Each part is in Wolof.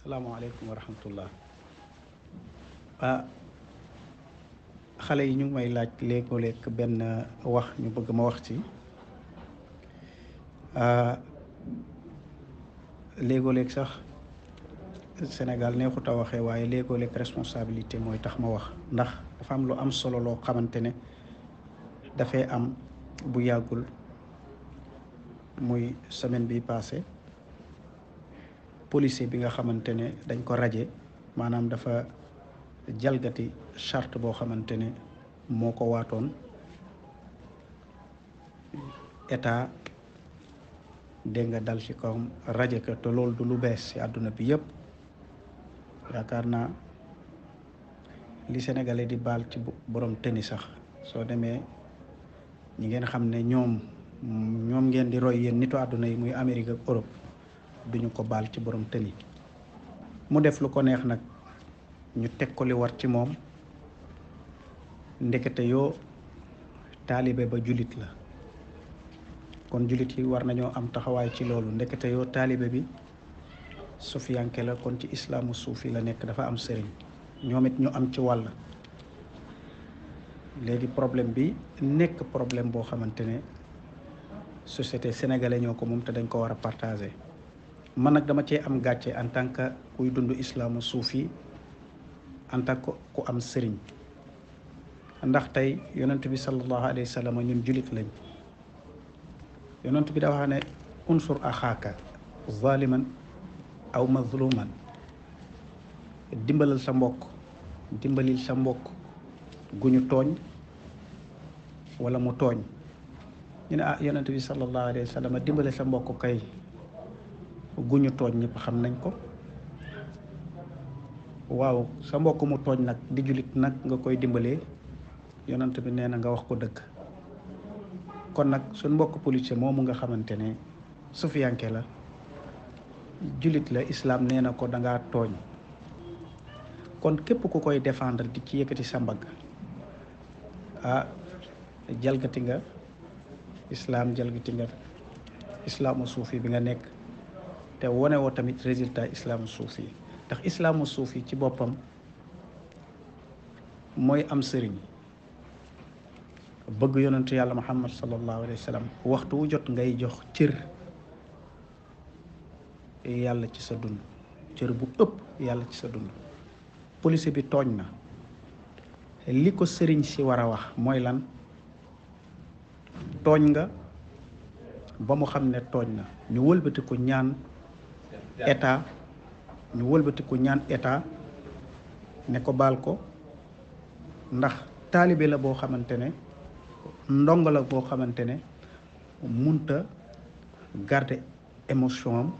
salaamu aleykum wa rahmatullah ah xale yi ñu ngi may laaj léegoo-léeg benn wax ñu bëgg ma wax ci léegoo-léeg sax Sénégal neexut a waxee waaye léegoo-léeg responsabilité mooy tax ma wax ndax dafa am lu am solo loo xamante ne dafay am bu yàggul muy semaine bi passé policier bi nga xamante ne dañ ko raje maanaam dafa jalgati charte boo xamante ne moo ko waatoon état dégg nga dal ci kawam raje ko te loolu du lu bees ci àdduna bi yëpp yaakaar naa li sénégalais di baal ci borom teni sax soo demee ñi ngeen xam ne ñoom ñoom ngeen di roy yéen nitu àdduna yi muy Amérique ak Europe duñu ko baal ci borom tëni mu def lu ko neex nag ñu teg ko li war ci moom ndekete yoo taalibe ba jullit la kon jullit yi war nañoo am taxawaay ci loolu ndekete yoo taalibe bi sufiyanke la kon ci islaamu suufi la nekk dafa am sëriñ ñoom it ñu am ci wàll léegi problème bi nekk problème boo xamante ne société sénégalais ñoo ko moom te dañ ko war a partager man nag dama cee am gàcce en tant que kuy dund islaamu suufi en tant ku am sëriñ ndax tey yonent bi sallallahu alayhi wa sallam ñun julit lañ yonent bi dafa ne unsur axaaka zaliman aw mazluman dimbalal sa mbokk dimbalil sa mbokk gu ñu tooñ wala mu tooñ ñu ne ah yonent bi sallallahu alayhi wa sallam dimbale sa mbokk kay guñu togn ñep xam nañ ko waaw sa mbokk mu togn nak di julit nak nga koy dimbalé yonent bi nee nga wax ko dëkk kon nak suñ mbokk policier momu nga xamantene ne la julit la islam nee ko da nga togn kon képp ku koy défendre di ci yëkëti sa mbag ah jalgati nga islam jalgati nga Islam suufi bi nga nekk te wone woo tamit résiltat islaamu suuf yi ndax islaamu suuf yi ci boppam mooy am sëriñ bëgg yonentu yàlla muhammad sallallahu alayhi wa sallam waxtu wu jot ngay jox cër yàlla ci sa dund cër bu ëpp yàlla ci sa dund police bi tooñ na li ko sëriñ si war a wax mooy lan tooñ nga ba mu xam ne tooñ na ñu wëlbati ñaan état ñu wëlbatiku ñaan état ne ko baal ko ndax taalibe la boo xamante ne ndongo la boo xamante ne munta garder émotion am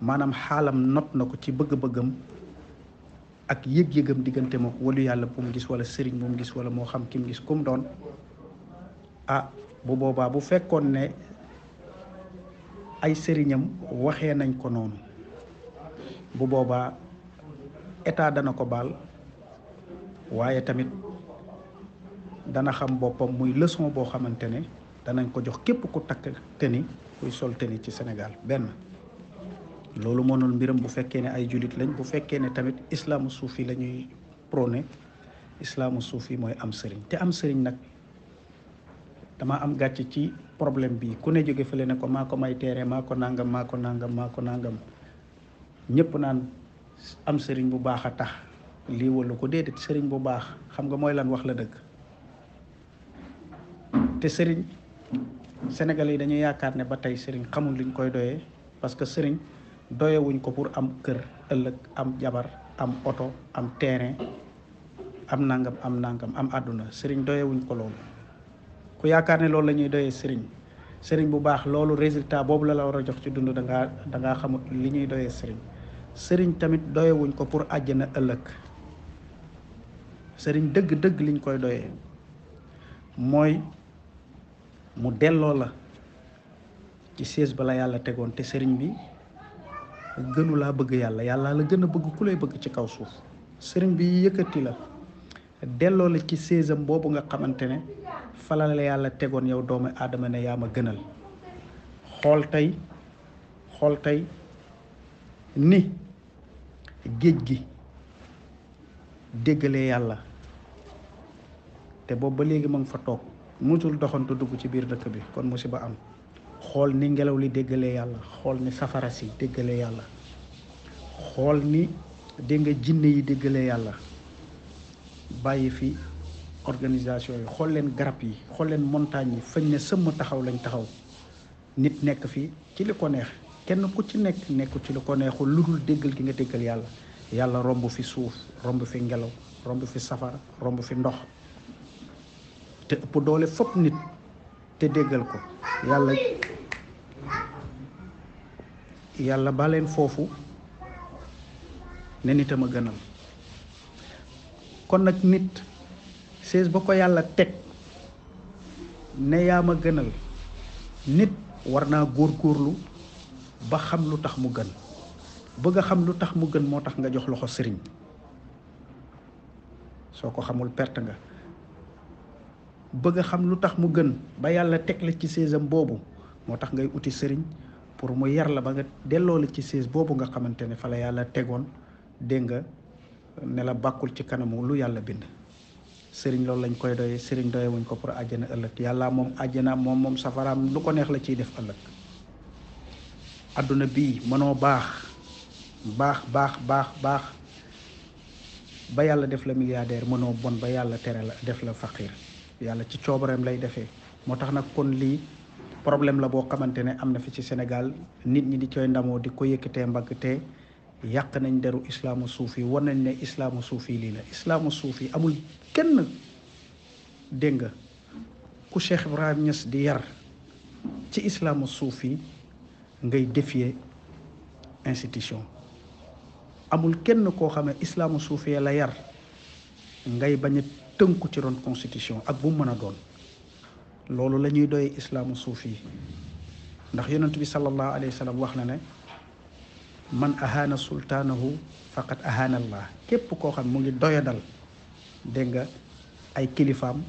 maanaam xaalam not na ko ci bëgg-bëggam ak yëg-yëgam diggante moom walu yàlla bu mu gis wala sëriñ bu mu gis wala moo xam ki mu gis ku doon ah bu boobaa bu fekkoon ne ay sëriñam waxee nañ ko noonu bu boobaa état dana ko baal waaye tamit dana xam boppam muy leçon boo xamante ne danañ ko jox képp ku takk teni kuy sol teni ci senegal benn loolu moo noonu mbiram bu fekkee ne ay jullit lañ bu fekkee ne tamit islaamu suufi la ñuy prôné islaamu suufi mooy am sëriñ te am sëriñ nag dama am gàcce ci problem bi ku ne joge fele ne ko mako may téré mako nangam mako nangam mako nangam ñepp naan am sëriñ bu baaxa tax li wolu ko déedéet sëriñ bu baax xam nga moy lan wax la dëgg te sëriñ sénégalais yi dañuy yaakaar ne ba tay sëriñ xamul liñ koy doyé parce que sëriñ wuñ ko pour am kër ëlëk am jabar am auto am terrain am nangam am nangam am aduna sëriñ wuñ ko loolu ku yaakaar ne loolu lañuy doyee sëriñ sëriñ bu baax loolu résultat boobu la la war a jox ci dund danga ngaa da ngaa xamut li ñuy doyee sëriñ sëriñ tamit doyewuñ ko pour àjj na ëllëg sëriñ dëgg-dëgg liñ koy doyee mooy mu delloo la ci sées ba la yàlla tegoon te sëriñ bi gënu laa bëgg yàlla yàlla la gën a bëgg ku lay bëgg ci kaw suuf sëriñ bi yëkkati la delloo la ci séesam boobu nga xamante ne falal yàlla tegoon yow doomi aadama ne yaa ma gënal xool tey xool tey ni géej gi déggale yàlla te boobu ba léegi ma ngi fa toog musul doxantu dugg ci biir dëkk bi kon ba am xool ni ngelaw li déggale yàlla xool ni safara si déggale yàlla xool ni dégg nga jinne yi déggalee yàlla bàyyi fi organisation yi xool leen garab yi xool leen montagne yi fañ ne sëmm taxaw lañ taxaw nit nekk fi ci li ko neex kenn ku ci nekk nekkul ci li ko neexul lu dul déggal gi nga déggal yàlla yàlla romb fi suuf romb fi ngelaw romb fi safar romb fi ndox te ëpp doole fopp nit te déggal ko yàlla yàlla ba foofu ne nit am a gënal kon nag nit sées ba ko yàlla teg ne yaa ma gënal nit war naa góor góorlu ba xam lu tax mu gën bëgg xam lu tax mu gën moo tax nga jox loxo sëriñ soo ko xamul perte nga bëgg xam lu tax mu gën ba yàlla teg la ci séesam boobu moo tax ngay wuti sëriñ pour mu yar la ba nga delloo la ci sées boobu nga xamante ne fa la yàlla tegoon dégg nga ne bàkkul ci kanamu lu yàlla bind sëriñ loolu lañ koy doy sëriñ doye wuñ ko pour àjjana ëllëg yàlla moom àjjana moom moom safaraam lu ko neex la ciy def ëllëg adduna bii mënoo baax baax baax baax baax ba yàlla def la milliardaire mënoo bon ba yàlla tere la def la faqir yàlla ci coobareem lay defee moo tax nag kon lii problème la boo xamante ne am na fi ci Sénégal nit ñi di koy ndamoo di ko yëkkatee mbagg te yàq nañ deru islaamu suufi war nañ ne islaamu suufi lii la islaamu suufi amul kenn dégg nga ku Cheikh Ibrahim ñas di yar ci islaamu suufi ngay défier institution amul kenn koo xam ne islaamu suufi la yar ngay bañ a tënku ci ron constitution ak bu mën a doon loolu lañuy doy doyee islaamu suufi ndax yonent bi sallallahu alayhi wa wax na ne man ahaana sultaanahu faqat ahaana allah képp koo xam mu ngi doyadal dégg nga ay kilifaam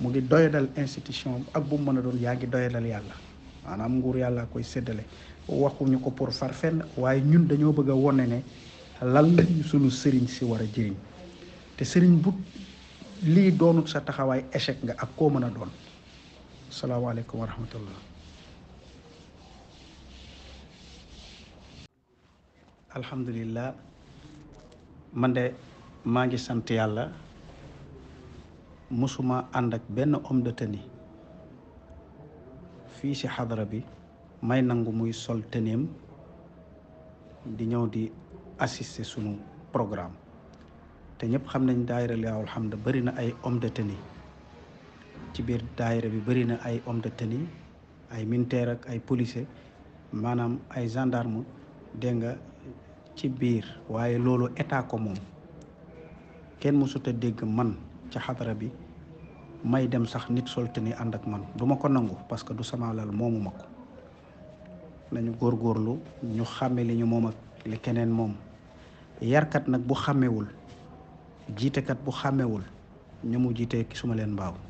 mu ngi doyadal institution ak bu mu mën a doon yaa ngi doyadal yàlla maanaam nguur yàllaa koy séddale waxuñu ko pour far fenn waaye ñun dañoo bëgg a wone ne lan lañu sunu sëriñ si war a jëriñ te sëriñ bu lii doonut sa taxawaay échec nga ak koo mën a doon asalaamaaleykum wa rahmatullah alhamdulilah man de maa ngi sant yàlla musuma ànd ak benn homme de tenue fii si xadara bi may nangu muy sol teneem di ñëw di assister sunu programme te ñëpp xam nañ daayira Liyaawul Hamd bëri na ay homme de tenue ci biir daayira bi bëri na ay homme de tenue ay militaire ak ay policier maanaam ay gendarme dégg ci biir waaye loolu état ko moom kenn mësuta dégg man ci xadara bi may dem sax nit sol te ni ànd ak man duma ko nangu parce que du sama lal moomu ma ko góor góorlu ñu xàmme li ñu moom ak li keneen moom yarkat nag bu xàmmewul jiitekat bu xàmmewul ñu mu jiitee ki leen mbaaw